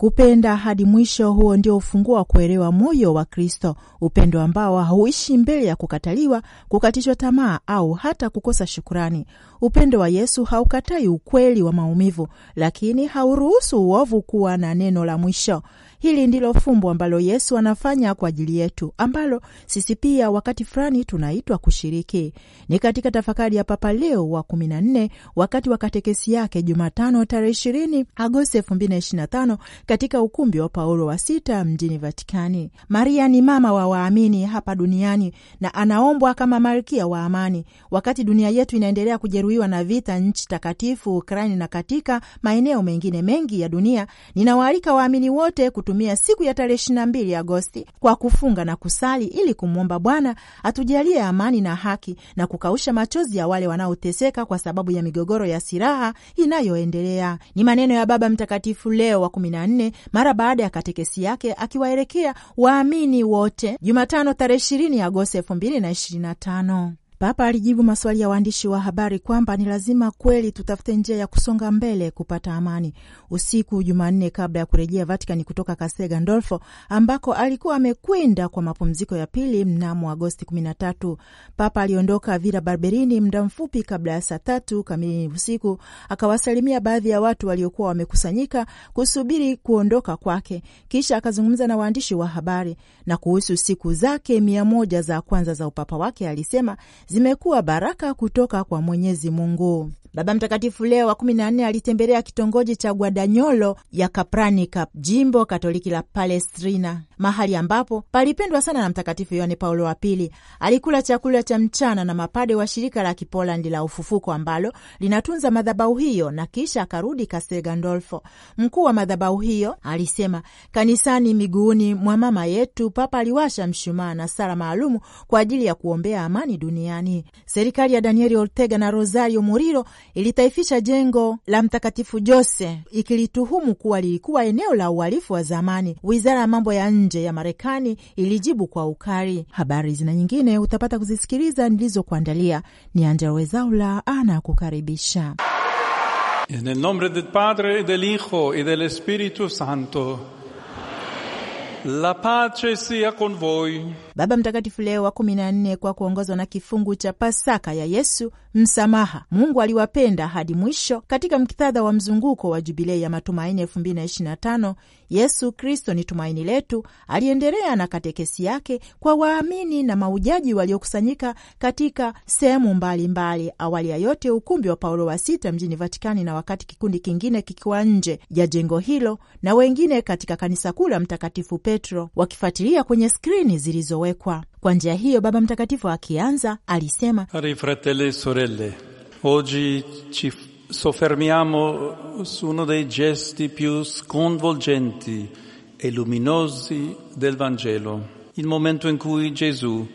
Kupenda hadi mwisho, huo ndio ufunguo wa kuelewa moyo wa Kristo, upendo ambao hauishi mbele ya kukataliwa, kukatishwa tamaa au hata kukosa shukurani. Upendo wa Yesu haukatai ukweli wa maumivu, lakini hauruhusu uovu kuwa na neno la mwisho. Hili ndilo fumbo ambalo Yesu anafanya kwa ajili yetu, ambalo sisi pia wakati fulani tunaitwa kushiriki. Ni katika tafakari ya Papa Leo wa 14 wakati wa katekesi yake Jumatano tarehe 20 Agosti 2025 katika ukumbi wa Paulo wa sita mjini Vatikani. Maria ni mama wa waamini hapa duniani na anaombwa kama malkia wa amani, wakati dunia yetu inaendelea kujeruhiwa na vita nchi takatifu Ukraini na katika maeneo mengine mengi ya dunia. Ninawaalika waamini wote kutumia siku ya tarehe mbili Agosti kwa kufunga na kusali ili kumwomba Bwana atujalie amani na haki na kukausha machozi ya wale wanaoteseka kwa sababu ya migogoro ya silaha inayoendelea. Ni maneno ya Baba Mtakatifu Leo wa nne nne mara baada ya katekesi yake akiwaelekea waamini wote Jumatano tarehe 20 Agosti 2025. Papa alijibu maswali ya waandishi wa habari kwamba ni lazima kweli tutafute njia ya kusonga mbele kupata amani. Usiku Jumanne, kabla ya kurejea Vatikani kutoka Castel Gandolfo ambako alikuwa amekwenda kwa mapumziko ya pili mnamo Agosti 13, Papa aliondoka vira Barberini muda mfupi kabla ya saa tatu kamili usiku, akawasalimia baadhi ya watu waliokuwa wamekusanyika kusubiri kuondoka kwake, kisha akazungumza na waandishi wa habari. Na kuhusu siku zake mia moja za kwanza za upapa wake alisema zimekuwa baraka kutoka kwa Mwenyezi Mungu. Baba Mtakatifu Leo wa kumi na nne alitembelea kitongoji cha Guadanyolo ya capranica jimbo Katoliki la Palestrina, mahali ambapo palipendwa sana na Mtakatifu Yohane Paulo wa Pili. Alikula chakula cha mchana na mapade wa shirika la Kipolandi la Ufufuko ambalo linatunza madhabahu hiyo, na kisha akarudi Castel Gandolfo. Mkuu wa madhabahu hiyo alisema, kanisani miguuni mwa mama yetu Papa aliwasha mshumaa na sala maalumu kwa ajili ya kuombea amani duniani. Serikali ya Daniel Ortega na Rosario Murillo ilitaifisha jengo la Mtakatifu Jose ikilituhumu kuwa lilikuwa eneo la uhalifu wa zamani. Wizara ya mambo ya nje ya Marekani ilijibu kwa ukali. Habari zina nyingine utapata kuzisikiliza nilizokuandalia. Ni Andrea Wezaula ana kukaribisha del Padre e del Hijo e Santo. La pace sia con voi. Baba Mtakatifu Leo wa kumi na nne, kwa kuongozwa na kifungu cha Pasaka ya Yesu msamaha, Mungu aliwapenda hadi mwisho. Katika mkitadha wa mzunguko wa Jubilei ya matumaini 2025 Yesu Kristo ni tumaini letu aliendelea na katekesi yake kwa waamini na maujaji waliokusanyika katika sehemu mbalimbali. Awali ya yote, ukumbi wa Paulo wa Sita mjini Vatikani, na wakati kikundi kingine kikiwa nje ya jengo hilo na wengine katika kanisa kuu la Mtakatifu Petro wakifuatilia kwenye skrini zilizo yaliyowekwa. Kwa njia hiyo, Baba Mtakatifu akianza alisema, cari fratelli e sorelle oggi ci soffermiamo su uno dei gesti più sconvolgenti e luminosi del Vangelo, il momento in cui Gesù,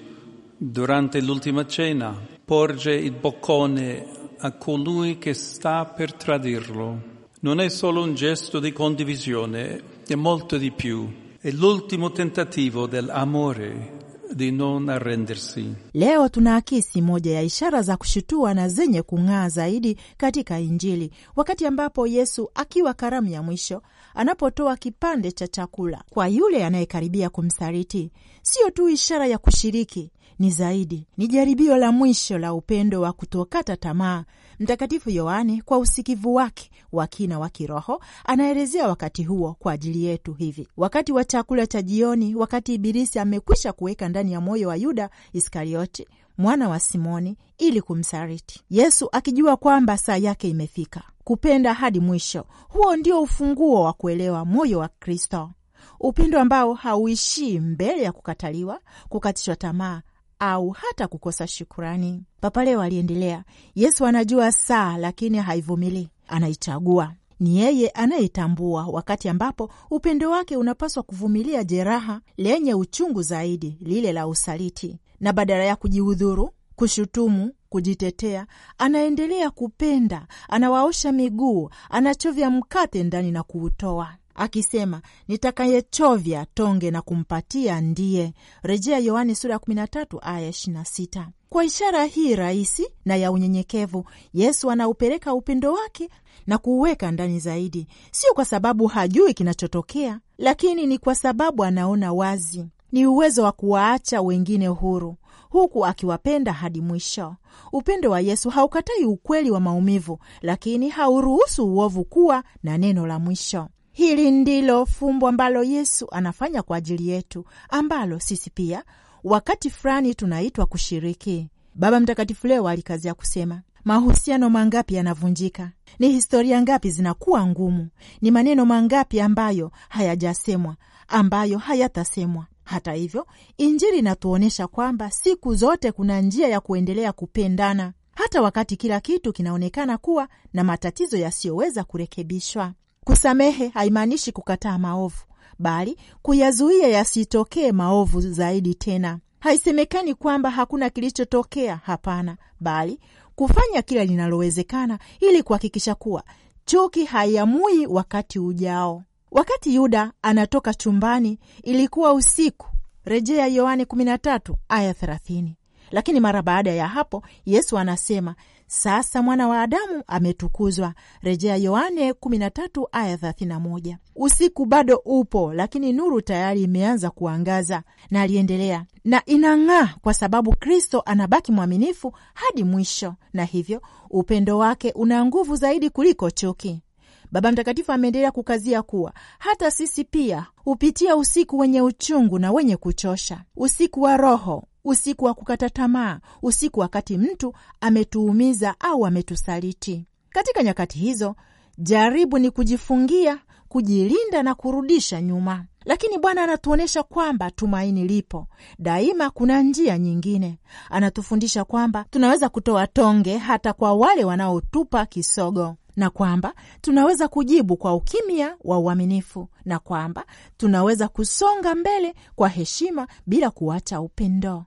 durante l'ultima cena, porge il boccone a colui che sta per tradirlo. Non è solo un gesto di condivisione, è molto di più. È l'ultimo tentativo dell'amore di non arrendersi. Leo tunaakisi moja ya ishara za kushutua na zenye kung'aa zaidi katika Injili, wakati ambapo Yesu akiwa karamu ya mwisho anapotoa kipande cha chakula kwa yule anayekaribia kumsaliti. Siyo tu ishara ya kushiriki ni zaidi, ni jaribio la mwisho la upendo wa kutokata tamaa. Mtakatifu Yohane kwa usikivu wake wa kina wa kiroho anaelezea wakati huo kwa ajili yetu hivi: wakati wa chakula cha jioni, wakati Ibilisi amekwisha kuweka ndani ya moyo wa Yuda Iskarioti mwana wa Simoni ili kumsaliti Yesu, akijua kwamba saa yake imefika kupenda hadi mwisho. Huo ndio ufunguo wa kuelewa moyo wa Kristo, upendo ambao hauishii mbele ya kukataliwa, kukatishwa tamaa au hata kukosa shukurani. Papa Leo aliendelea, Yesu anajua saa, lakini haivumili anaichagua. Ni yeye anayetambua wakati ambapo upendo wake unapaswa kuvumilia jeraha lenye uchungu zaidi, lile la usaliti, na badala ya kujihudhuru, kushutumu kujitetea anaendelea kupenda, anawaosha miguu, anachovya mkate ndani na kuutoa akisema nitakayechovya tonge na kumpatia ndiye. Rejea Yohane sura ya 13 aya 26. Kwa ishara hii rahisi na ya unyenyekevu, Yesu anaupeleka upendo wake na kuuweka ndani zaidi, sio kwa sababu hajui kinachotokea, lakini ni kwa sababu anaona wazi ni uwezo wa kuwaacha wengine huru huku akiwapenda hadi mwisho. Upendo wa Yesu haukatai ukweli wa maumivu, lakini hauruhusu uovu kuwa na neno la mwisho. Hili ndilo fumbo ambalo Yesu anafanya kwa ajili yetu, ambalo sisi pia wakati fulani tunaitwa kushiriki. Baba Mtakatifu leo alikazia kusema mahusiano mangapi yanavunjika? Ni historia ngapi zinakuwa ngumu? Ni maneno mangapi ambayo hayajasemwa, ambayo hayatasemwa? Hata hivyo, Injili inatuonyesha kwamba siku zote kuna njia ya kuendelea kupendana, hata wakati kila kitu kinaonekana kuwa na matatizo yasiyoweza kurekebishwa. Kusamehe haimaanishi kukataa maovu, bali kuyazuia yasitokee maovu zaidi tena. Haisemekani kwamba hakuna kilichotokea. Hapana, bali kufanya kila linalowezekana ili kuhakikisha kuwa chuki haiamui wakati ujao. Wakati Yuda anatoka chumbani, ilikuwa usiku, rejea Yohane 13 aya 30. Lakini mara baada ya hapo Yesu anasema sasa mwana wa Adamu ametukuzwa, rejea Yohane 13 aya 31. Usiku bado upo, lakini nuru tayari imeanza kuangaza. Na aliendelea na inang'aa kwa sababu Kristo anabaki mwaminifu hadi mwisho, na hivyo upendo wake una nguvu zaidi kuliko chuki. Baba Mtakatifu ameendelea kukazia kuwa hata sisi pia hupitia usiku wenye uchungu na wenye kuchosha, usiku wa roho, usiku wa kukata tamaa, usiku wakati mtu ametuumiza au ametusaliti. Katika nyakati hizo, jaribu ni kujifungia, kujilinda na kurudisha nyuma lakini Bwana anatuonyesha kwamba tumaini lipo daima. Kuna njia nyingine. Anatufundisha kwamba tunaweza kutoa tonge hata kwa wale wanaotupa kisogo na kwamba tunaweza kujibu kwa ukimya wa uaminifu na kwamba tunaweza kusonga mbele kwa heshima bila kuacha upendo.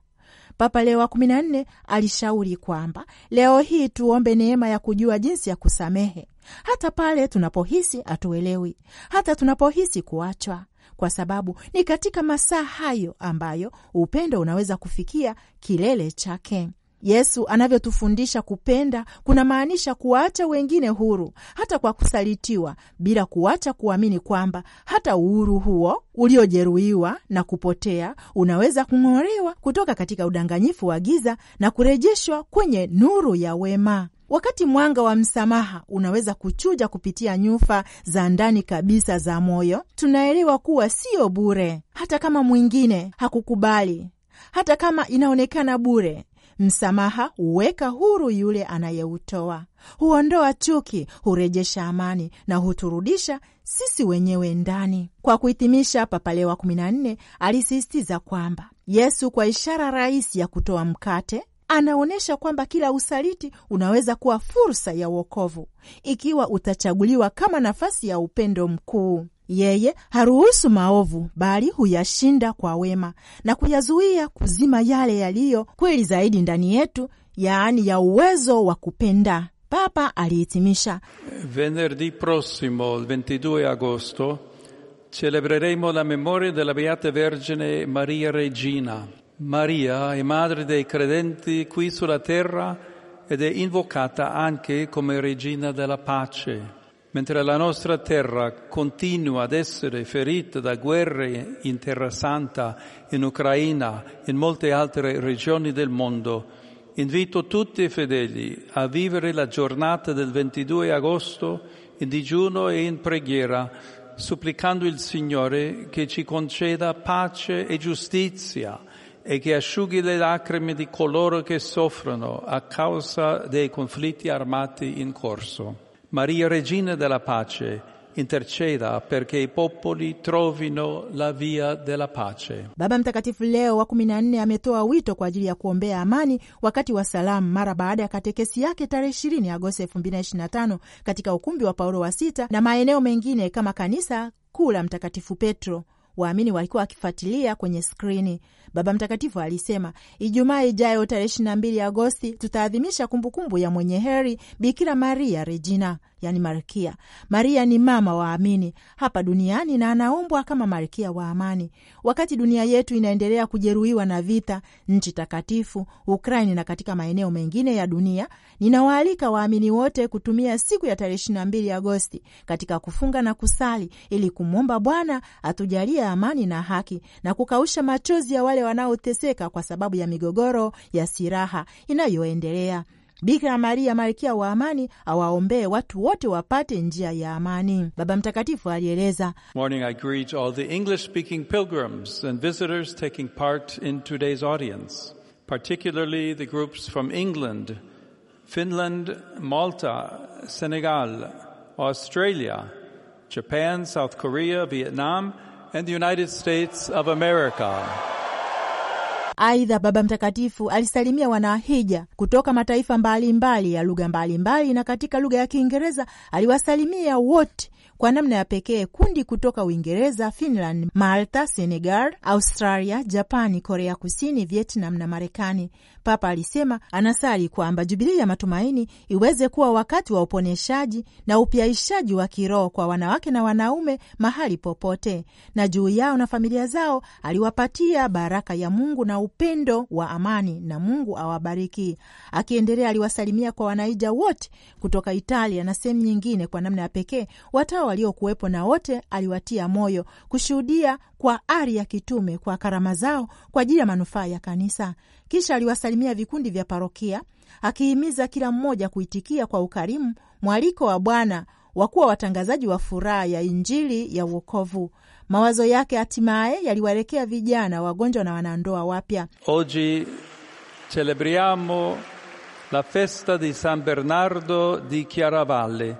Papa Leo wa kumi na nne alishauri kwamba leo hii tuombe neema ya kujua jinsi ya kusamehe hata pale tunapohisi hatuelewi, hata tunapohisi kuachwa, kwa sababu ni katika masaa hayo ambayo upendo unaweza kufikia kilele chake. Yesu anavyotufundisha kupenda kuna maanisha kuwaacha wengine huru hata kwa kusalitiwa, bila kuacha kuamini kwamba hata uhuru huo uliojeruhiwa na kupotea unaweza kung'olewa kutoka katika udanganyifu wa giza na kurejeshwa kwenye nuru ya wema. Wakati mwanga wa msamaha unaweza kuchuja kupitia nyufa za ndani kabisa za moyo, tunaelewa kuwa sio bure, hata kama mwingine hakukubali, hata kama inaonekana bure, Msamaha huweka huru yule anayeutoa, huondoa chuki, hurejesha amani na huturudisha sisi wenyewe ndani. Kwa kuhitimisha, Papa Leo wa 14 alisisitiza kwamba Yesu, kwa ishara rahisi ya kutoa mkate anaonyesha kwamba kila usaliti unaweza kuwa fursa ya uokovu ikiwa utachaguliwa kama nafasi ya upendo mkuu. Yeye haruhusu maovu bali huyashinda kwa wema na kuyazuia kuzima yale yaliyo kweli zaidi ndani yetu, yaani ya uwezo wa kupenda. Papa alihitimisha, venerdi prossimo 22 agosto celebreremo la memoria della Beata Vergine Maria Regina Maria è madre dei credenti qui sulla terra ed è invocata anche come regina della pace. Mentre la nostra terra continua ad essere ferita da guerre in Terra Santa, in Ucraina, in molte altre regioni del mondo, invito tutti i fedeli a vivere la giornata del 22 agosto in digiuno e in preghiera, supplicando il Signore che ci conceda pace e giustizia e che asciughi le lacrime di coloro che soffrono a causa dei conflitti armati in corso. Maria Regina della Pace, interceda perché i popoli trovino la via della pace. Baba Mtakatifu Leo wa 14 ametoa wito kwa ajili ya kuombea amani wakati wa salamu mara baada ya katekesi yake tarehe 20 Agosti 2025 katika ukumbi wa Paulo wa sita na maeneo mengine kama kanisa kuu la Mtakatifu Petro waamini walikuwa wakifuatilia kwenye skrini. Baba Mtakatifu alisema Ijumaa ijayo tarehe 22 Agosti tutaadhimisha kumbukumbu ya mwenye heri Bikira Maria Regina yani Malkia. Maria ni mama waamini hapa duniani na anaumbwa kama malkia wa amani. Wakati dunia yetu inaendelea kujeruhiwa na vita, nchi takatifu, Ukraini na katika maeneo mengine ya dunia, ninawaalika waamini wote kutumia siku ya tarehe mbili Agosti katika kufunga na kusali ili kumwomba Bwana atujalie amani na haki na kukausha machozi ya wale wanaoteseka kwa sababu ya migogoro ya silaha inayoendelea. Bikira Maria, malkia wa amani, awaombee watu wote wapate njia ya amani. Baba Mtakatifu alieleza, Morning I greet all the English speaking pilgrims and visitors taking part in today's audience, particularly the groups from England, Finland, Malta, Senegal, Australia, Japan, South Korea, Vietnam, and the United States of America. Aidha, Baba Mtakatifu alisalimia wanahija kutoka mataifa mbalimbali mbali ya lugha mbalimbali, na katika lugha ya Kiingereza aliwasalimia wote kwa namna ya pekee kundi kutoka Uingereza, Finland, Malta, Senegal, Australia, Japani, Korea Kusini, Vietnam na Marekani. Papa alisema anasali kwamba Jubilii ya matumaini iweze kuwa wakati wa uponeshaji na upyaishaji wa kiroho kwa wanawake na wanaume mahali popote, na juu yao na familia zao aliwapatia baraka ya Mungu na upendo wa amani, na Mungu awabariki. Akiendelea, aliwasalimia kwa wanaija wote kutoka Italia na sehemu nyingine, kwa namna ya pekee watao waliokuwepo, na wote aliwatia moyo kushuhudia kwa ari ya kitume kwa karama zao kwa ajili ya manufaa ya kanisa. Kisha aliwasa kusalimia vikundi vya parokia, akihimiza kila mmoja kuitikia kwa ukarimu mwaliko wa Bwana wa kuwa watangazaji wa furaha ya Injili ya uokovu. Mawazo yake hatimaye yaliwaelekea vijana, wagonjwa na wanandoa wapya. Oggi celebriamo la festa di San Bernardo di Chiaravalle,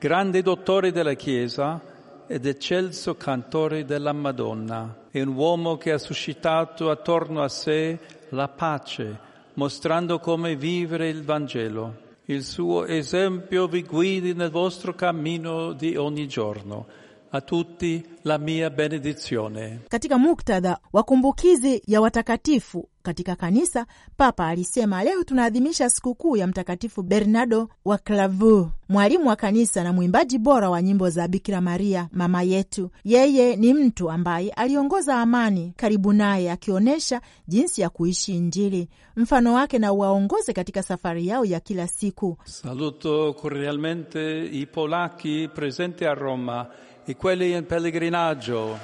grande dottore della Chiesa ed eccelso cantore della Madonna. e un uomo che ha suscitato attorno a sé la pace mostrando come vivere il Vangelo. Il suo esempio vi guidi nel vostro cammino di ogni giorno. a tutti la mia benedizione. Katika muktadha wa kumbukizi ya watakatifu katika kanisa, Papa alisema leo tunaadhimisha sikukuu ya Mtakatifu Bernardo wa Clavu, mwalimu wa kanisa na mwimbaji bora wa nyimbo za Bikira Maria mama yetu. Yeye ni mtu ambaye aliongoza amani karibu naye, akionyesha jinsi ya kuishi Injili. Mfano wake na uwaongoze katika safari yao ya kila siku. Saluto cordialmente i polacchi presenti a Roma e quelli in pellegrinaggio.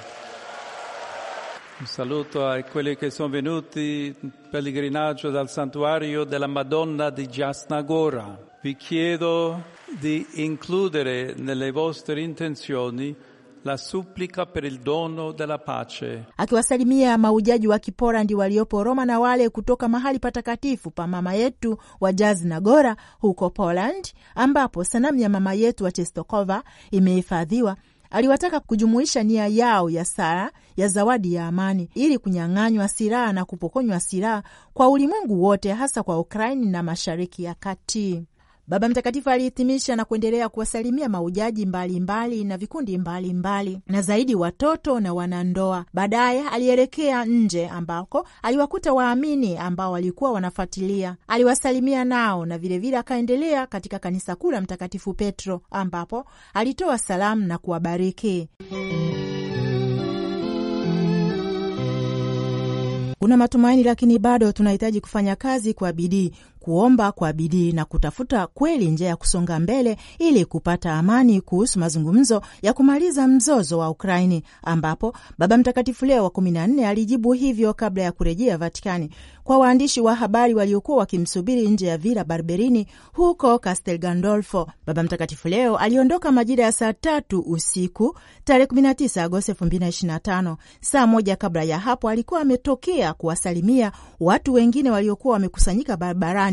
Un saluto a quelli che sono venuti in pellegrinaggio dal santuario della Madonna di Jasnagora. Vi chiedo di includere nelle vostre intenzioni la supplica per il dono della pace. Akiwasalimia maujaji wa Kipolandi waliopo Roma na wale kutoka mahali patakatifu pa mama yetu wa Jasna Gora huko Poland, ambapo sanamu ya mama yetu wa chestokova imehifadhiwa Aliwataka kujumuisha nia yao ya sala ya zawadi ya amani ili kunyang'anywa silaha na kupokonywa silaha kwa ulimwengu wote, hasa kwa Ukraini na Mashariki ya Kati. Baba Mtakatifu alihitimisha na kuendelea kuwasalimia maujaji mbalimbali mbali na vikundi mbalimbali mbali, na zaidi watoto na wanandoa. Baadaye alielekea nje ambako aliwakuta waamini ambao walikuwa wanafuatilia, aliwasalimia nao na vilevile akaendelea katika kanisa kuu la Mtakatifu Petro ambapo alitoa salamu na kuwabariki. Kuna matumaini lakini bado tunahitaji kufanya kazi kwa bidii kuomba kwa bidii na kutafuta kweli njia ya kusonga mbele ili kupata amani kuhusu mazungumzo ya kumaliza mzozo wa Ukraini, ambapo Baba Mtakatifu Leo wa kumi na nne alijibu hivyo kabla ya kurejea Vatikani kwa waandishi wa habari waliokuwa wakimsubiri nje ya Villa Barberini huko Castel Gandolfo. Baba Mtakatifu Leo aliondoka majira ya saa tatu usiku tarehe 19 Agosti 2025. Saa moja kabla ya hapo alikuwa ametokea kuwasalimia watu wengine waliokuwa wamekusanyika barabarani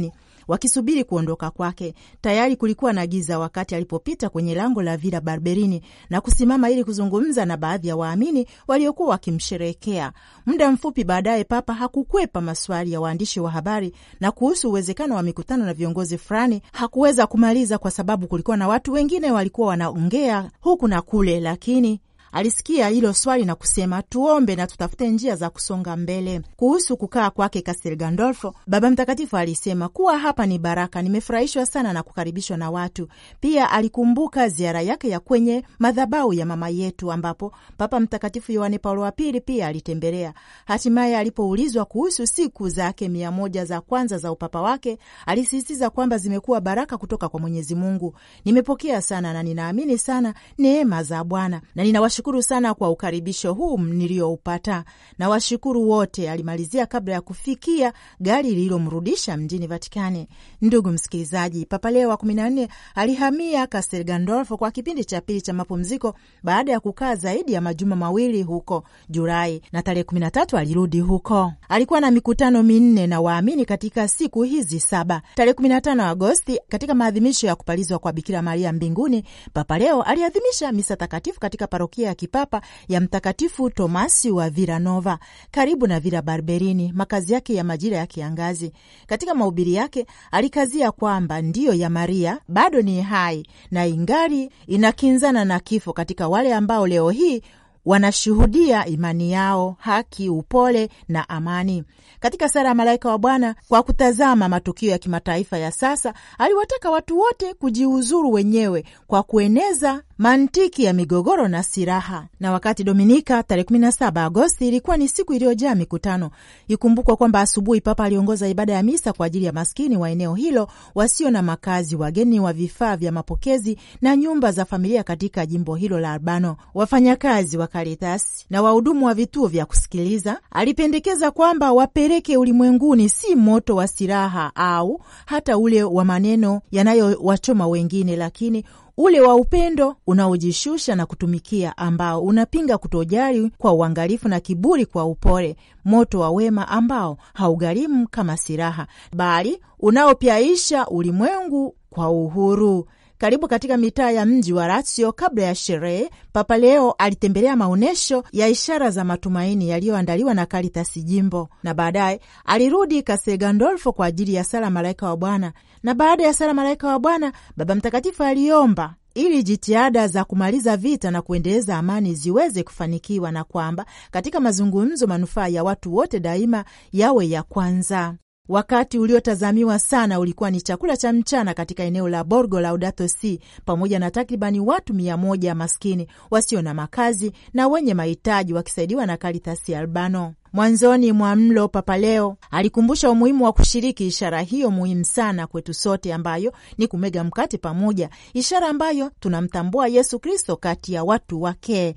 wakisubiri kuondoka kwake. Tayari kulikuwa na giza wakati alipopita kwenye lango la Vila Barberini na kusimama ili kuzungumza na baadhi ya waamini waliokuwa wakimsherehekea. Muda mfupi baadaye, Papa hakukwepa maswali ya waandishi wa habari na kuhusu uwezekano wa mikutano na viongozi fulani. Hakuweza kumaliza kwa sababu kulikuwa na watu wengine walikuwa wanaongea huku na kule, lakini Alisikia hilo swali na kusema, tuombe na tutafute njia za kusonga mbele. Kuhusu kukaa kwake Castel Gandolfo, Baba Mtakatifu alisema kuwa hapa ni baraka, nimefurahishwa sana na kukaribishwa na watu. Pia alikumbuka ziara yake ya kwenye madhabahu ya mama yetu, ambapo Papa Mtakatifu Yohane Paulo wa Pili pia alitembelea. Hatimaye alipoulizwa kuhusu siku zake mia moja za kwanza za upapa wake, alisisitiza kwamba zimekuwa baraka kutoka kwa Mwenyezi Mungu. Nimepokea sana na ninaamini sana neema za Bwana na ninawashukuru Nashukuru sana kwa ukaribisho huu niliyoupata na washukuru wote, alimalizia kabla ya kufikia gari lililomrudisha mjini Vatikani. Ndugu msikilizaji, Papa Leo wa 14 alihamia Castel Gandolfo kwa kipindi cha pili cha mapumziko baada ya kukaa zaidi ya majuma mawili huko Julai, na tarehe 13 alirudi huko. Alikuwa na mikutano minne na waamini katika siku hizi saba. Tarehe 15 Agosti, katika maadhimisho ya kupalizwa kwa Bikira Maria mbinguni, Papa Leo aliadhimisha misa takatifu katika parokia ya kipapa ya Mtakatifu Tomasi wa Viranova karibu na Vira Barberini, makazi yake ya majira ya kiangazi. Katika mahubiri yake alikazia kwamba ndiyo ya Maria bado ni hai na ingari inakinzana na kifo katika wale ambao leo hii wanashuhudia imani yao, haki, upole na amani. Katika sala ya malaika wa Bwana kwa kutazama matukio ya kimataifa ya sasa, aliwataka watu wote kujiuzuru wenyewe kwa kueneza mantiki ya migogoro na silaha. Na wakati Dominika tarehe 17 Agosti ilikuwa ni siku iliyojaa mikutano, ikumbukwa kwamba asubuhi Papa aliongoza ibada ya misa kwa ajili ya maskini wa eneo hilo wasio na makazi, wageni wa vifaa vya mapokezi na nyumba za familia katika jimbo hilo la Albano, wafanyakazi wa Karitasi na wahudumu wa vituo vya kusikiliza. Alipendekeza kwamba wapeleke ulimwenguni si moto wa silaha au hata ule wa maneno yanayowachoma wengine, lakini ule wa upendo unaojishusha na kutumikia, ambao unapinga kutojali kwa uangalifu na kiburi kwa upole, moto wa wema ambao haugharimu kama silaha, bali unaopyaisha ulimwengu kwa uhuru karibu katika mitaa ya mji wa Ratio kabla ya sherehe, Papa Leo alitembelea maonyesho ya ishara za matumaini yaliyoandaliwa na Karitasi Jimbo, na baadaye alirudi Castel Gandolfo kwa ajili ya sala Malaika wa Bwana. Na baada ya sala Malaika wa Bwana, Baba Mtakatifu aliomba ili jitihada za kumaliza vita na kuendeleza amani ziweze kufanikiwa, na kwamba katika mazungumzo manufaa ya watu wote daima yawe ya kwanza. Wakati uliotazamiwa sana ulikuwa ni chakula cha mchana katika eneo la Borgo Laudato Si, pamoja na takribani watu mia moja maskini wasio na makazi na wenye mahitaji wakisaidiwa na Karitasi Albano. Mwanzoni mwa mlo, Papa Leo alikumbusha umuhimu wa kushiriki ishara hiyo muhimu sana kwetu sote, ambayo ni kumega mkate pamoja, ishara ambayo tunamtambua Yesu Kristo kati ya watu wake.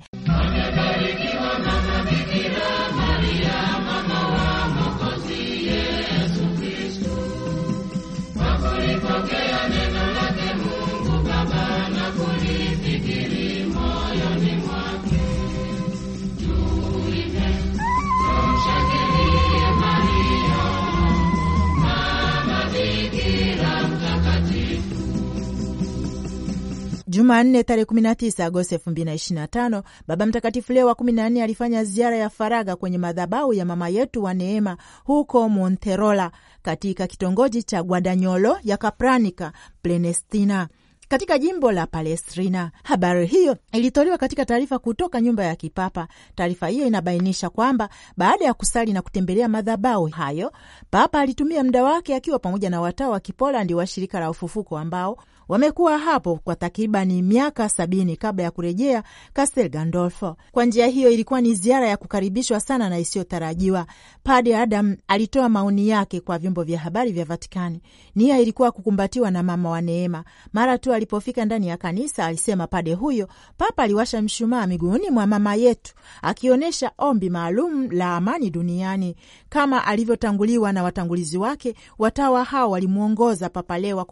Jumanne tarehe 19 Agosti 2025 Baba Mtakatifu Leo wa 14 alifanya ziara ya faraga kwenye madhabahu ya mama yetu wa neema huko Monterola katika kitongoji cha Guadagnolo ya Capranica Plenestina katika jimbo la Palestrina. Habari hiyo ilitolewa katika taarifa kutoka nyumba ya kipapa. Taarifa hiyo inabainisha kwamba baada ya kusali na kutembelea madhabahu hayo, papa alitumia muda wake akiwa pamoja na watawa wa Kipolandi wa shirika la ufufuko ambao Wamekuwa hapo kwa takribani miaka sabini kabla ya kurejea Castel Gandolfo. Kwa njia hiyo ilikuwa ni ziara ya kukaribishwa sana na isiyotarajiwa. Padre Adam alitoa maoni yake kwa vyombo vya habari vya Vatikani. Nia ilikuwa kukumbatiwa na mama wa neema. Mara tu alipofika ndani ya kanisa, alisema pade huyo, Papa aliwasha mshumaa miguuni mwa mama yetu, akionyesha ombi maalum la amani duniani. Kama alivyotanguliwa na watangulizi wake, watawa hao walimwongoza Papa Leo wa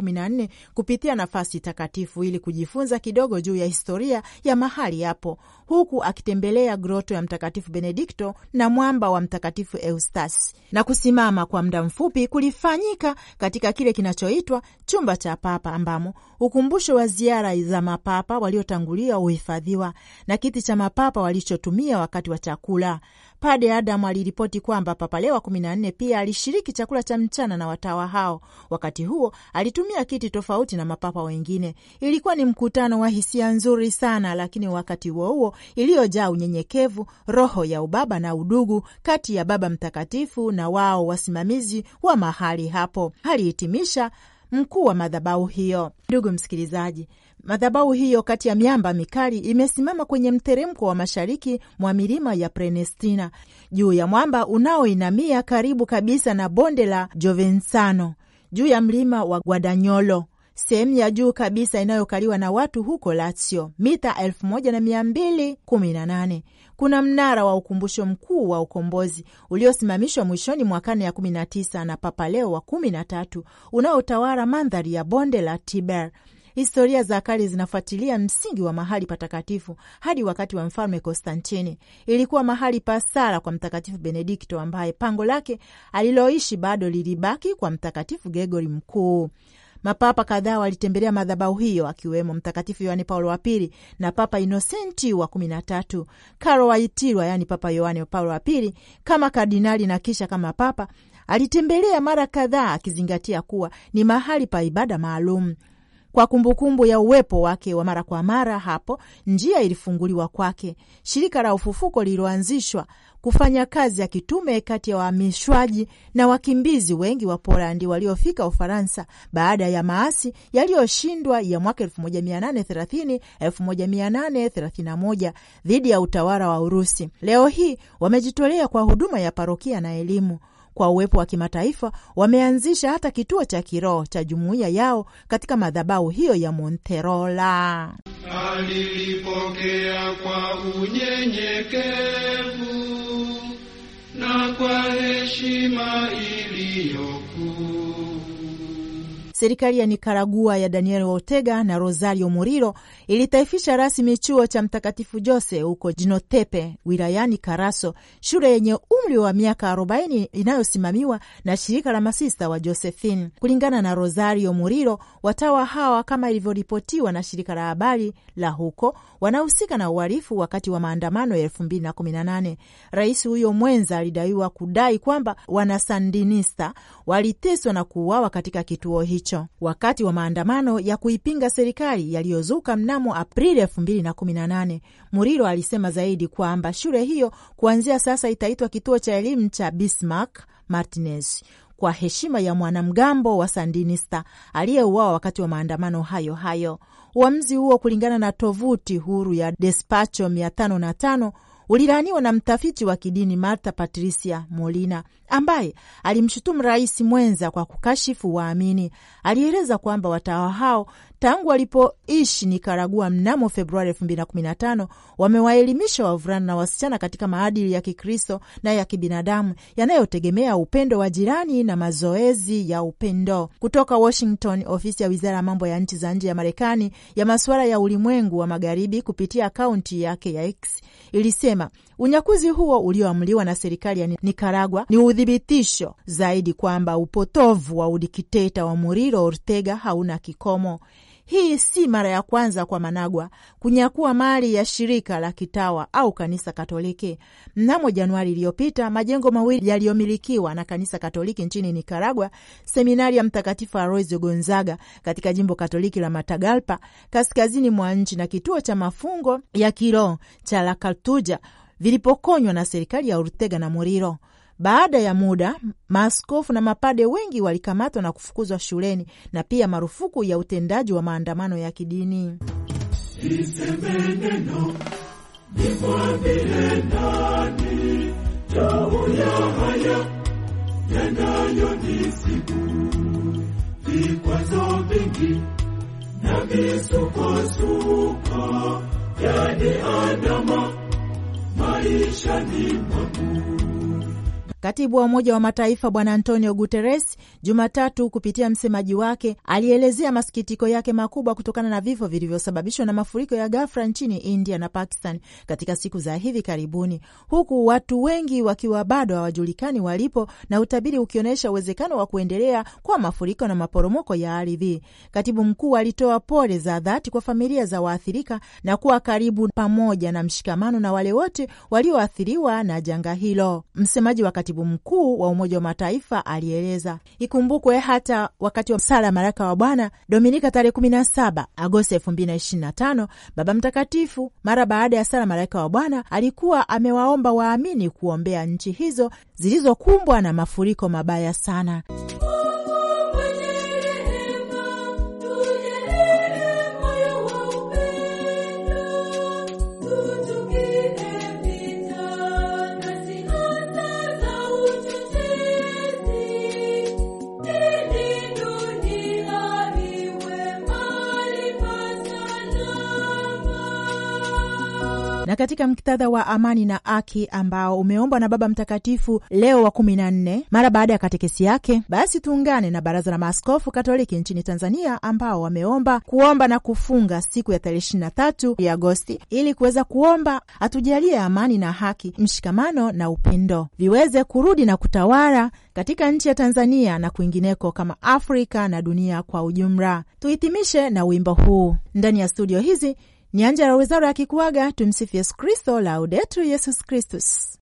kupitia na nafasi takatifu ili kujifunza kidogo juu ya historia ya mahali hapo huku akitembelea groto ya Mtakatifu Benedikto na mwamba wa Mtakatifu Eustasi, na kusimama kwa muda mfupi kulifanyika katika kile kinachoitwa chumba cha Papa, ambamo ukumbusho wa ziara za mapapa waliotangulia uhifadhiwa na kiti cha mapapa walichotumia wakati wa chakula. Pade Adamu aliripoti kwamba Papa Leo wa kumi na nne pia alishiriki chakula cha mchana na watawa hao. Wakati huo alitumia kiti tofauti na mapapa wengine. Ilikuwa ni mkutano wa hisia nzuri sana, lakini wakati huo huo iliyojaa unyenyekevu, roho ya ubaba na udugu kati ya Baba Mtakatifu na wao wasimamizi wa mahali hapo, alihitimisha mkuu wa madhabahu hiyo. Ndugu msikilizaji, madhabahu hiyo kati ya miamba mikali imesimama kwenye mteremko wa mashariki mwa milima ya Prenestina, juu ya mwamba unaoinamia karibu kabisa na bonde la Jovensano, juu ya mlima wa Guadanyolo sehemu ya juu kabisa inayokaliwa na watu huko Lazio, mita 1218. Kuna mnara wa ukumbusho mkuu wa ukombozi uliosimamishwa mwishoni mwa karne ya 19 na Papa Leo wa 13 unaotawala mandhari ya bonde la Tiber. Historia za kale zinafuatilia msingi wa mahali patakatifu hadi wakati wa mfalme Konstantini. Ilikuwa mahali pa sala kwa Mtakatifu Benedikto, ambaye pango lake aliloishi bado lilibaki kwa Mtakatifu Gregori Mkuu. Mapapa kadhaa walitembelea madhabahu hiyo akiwemo Mtakatifu Yohane Paulo wa Pili na Papa Inosenti wa kumi na tatu. karo Wojtyla, yaani Papa Yohane Paulo wa Pili, kama kardinali na kisha kama papa alitembelea mara kadhaa, akizingatia kuwa ni mahali pa ibada maalum kwa kumbukumbu ya uwepo wake wa mara kwa mara hapo, njia ilifunguliwa kwake. Shirika la Ufufuko lililoanzishwa kufanya kazi ya kitume kati ya wahamishwaji na wakimbizi wengi wa Polandi waliofika Ufaransa baada ya maasi yaliyoshindwa ya mwaka 1830 1831 dhidi ya utawala wa Urusi. Leo hii wamejitolea kwa huduma ya parokia na elimu kwa uwepo wa kimataifa wameanzisha hata kituo cha kiroho cha jumuiya yao katika madhabahu hiyo ya Monterola. Alilipokea kwa unyenyekevu na kwa heshima iliyokuu serikali ya Nikaragua ya Daniel Ortega na Rosario Murillo ilitaifisha rasmi chuo cha Mtakatifu Jose huko Jinotepe wilayani Karaso, shule yenye umri wa miaka 40 inayosimamiwa na shirika la masista wa Josephine. Kulingana na Rosario Murillo, watawa hawa kama ilivyoripotiwa na shirika la habari la huko wanahusika na uhalifu wakati wa maandamano ya 2018. Rais huyo mwenza alidaiwa kudai kwamba wanasandinista waliteswa na kuuawa katika kituo hicho hicho wakati wa maandamano ya kuipinga serikali yaliyozuka mnamo Aprili 2018. Murilo alisema zaidi kwamba shule hiyo kuanzia sasa itaitwa kituo cha elimu cha Bismarck Martinez kwa heshima ya mwanamgambo wa Sandinista aliyeuawa wakati wa maandamano hayo hayo. Uamuzi huo kulingana na tovuti huru ya Despacho 505 ulilaaniwa na mtafiti wa kidini Marta Patricia Molina ambaye alimshutumu rais mwenza kwa kukashifu waamini. Alieleza kwamba watawa hao tangu walipoishi Nikaragua mnamo Februari 2015 wamewaelimisha wavulana na wasichana katika maadili ya Kikristo na ya kibinadamu yanayotegemea upendo wa jirani na mazoezi ya upendo. Kutoka Washington, ofisi ya wizara ya mambo ya nchi za nje ya Marekani ya masuala ya ulimwengu wa magharibi kupitia akaunti yake ya X ilisema Unyakuzi huo ulioamliwa na serikali ya Nikaragua ni udhibitisho zaidi kwamba upotovu wa udikiteta wa Murilo Ortega hauna kikomo. Hii si mara ya kwanza kwa Managua kunyakua mali ya shirika la kitawa au kanisa Katoliki. Mnamo Januari iliyopita, majengo mawili yaliyomilikiwa na kanisa Katoliki nchini Nikaragua, seminari ya Mtakatifu Aloizio Gonzaga katika jimbo Katoliki la Matagalpa kaskazini mwa nchi na kituo cha mafungo ya kiroho cha Lakatuja vilipokonywa na serikali ya Ortega na Murilo. Baada ya muda, maaskofu na mapade wengi walikamatwa na kufukuzwa shuleni na pia marufuku ya utendaji wa maandamano ya kidini. nani vikwazo vingi na misukosuko yani andama maishani mwangu. Katibu wa Umoja wa Mataifa Bwana Antonio Guterres Jumatatu, kupitia msemaji wake, alielezea masikitiko yake makubwa kutokana na vifo vilivyosababishwa na mafuriko ya ghafla nchini India na Pakistan katika siku za hivi karibuni, huku watu wengi wakiwa bado hawajulikani walipo na utabiri ukionyesha uwezekano wa kuendelea kwa mafuriko na maporomoko ya ardhi. Katibu mkuu alitoa pole za dhati kwa familia za waathirika na kuwa karibu pamoja na mshikamano na wale wote walioathiriwa na janga hilo. Msemaji wa katibu mkuu wa Umoja wa Mataifa alieleza. Ikumbukwe hata wakati wa sala ya Malaika wa Bwana Dominika tarehe 17 Agosti 2025, Baba Mtakatifu mara baada ya sala Malaika wa Bwana alikuwa amewaomba waamini kuombea nchi hizo zilizokumbwa na mafuriko mabaya sana. na katika mktadha wa amani na haki ambao umeombwa na Baba Mtakatifu Leo wa kumi na nne mara baada ya katekesi yake, basi tuungane na Baraza la Maaskofu Katoliki nchini Tanzania ambao wameomba kuomba na kufunga siku ya tarehe ishirini na tatu ya Agosti ili kuweza kuomba atujalie amani na haki, mshikamano na upendo viweze kurudi na kutawala katika nchi ya Tanzania na kwingineko kama Afrika na dunia kwa ujumla. Tuhitimishe na wimbo huu ndani ya studio hizi Nyanja ya Wizara ya kikuaga. Tumsifu Yesu Kristo, Laudetur Yesus Kristus.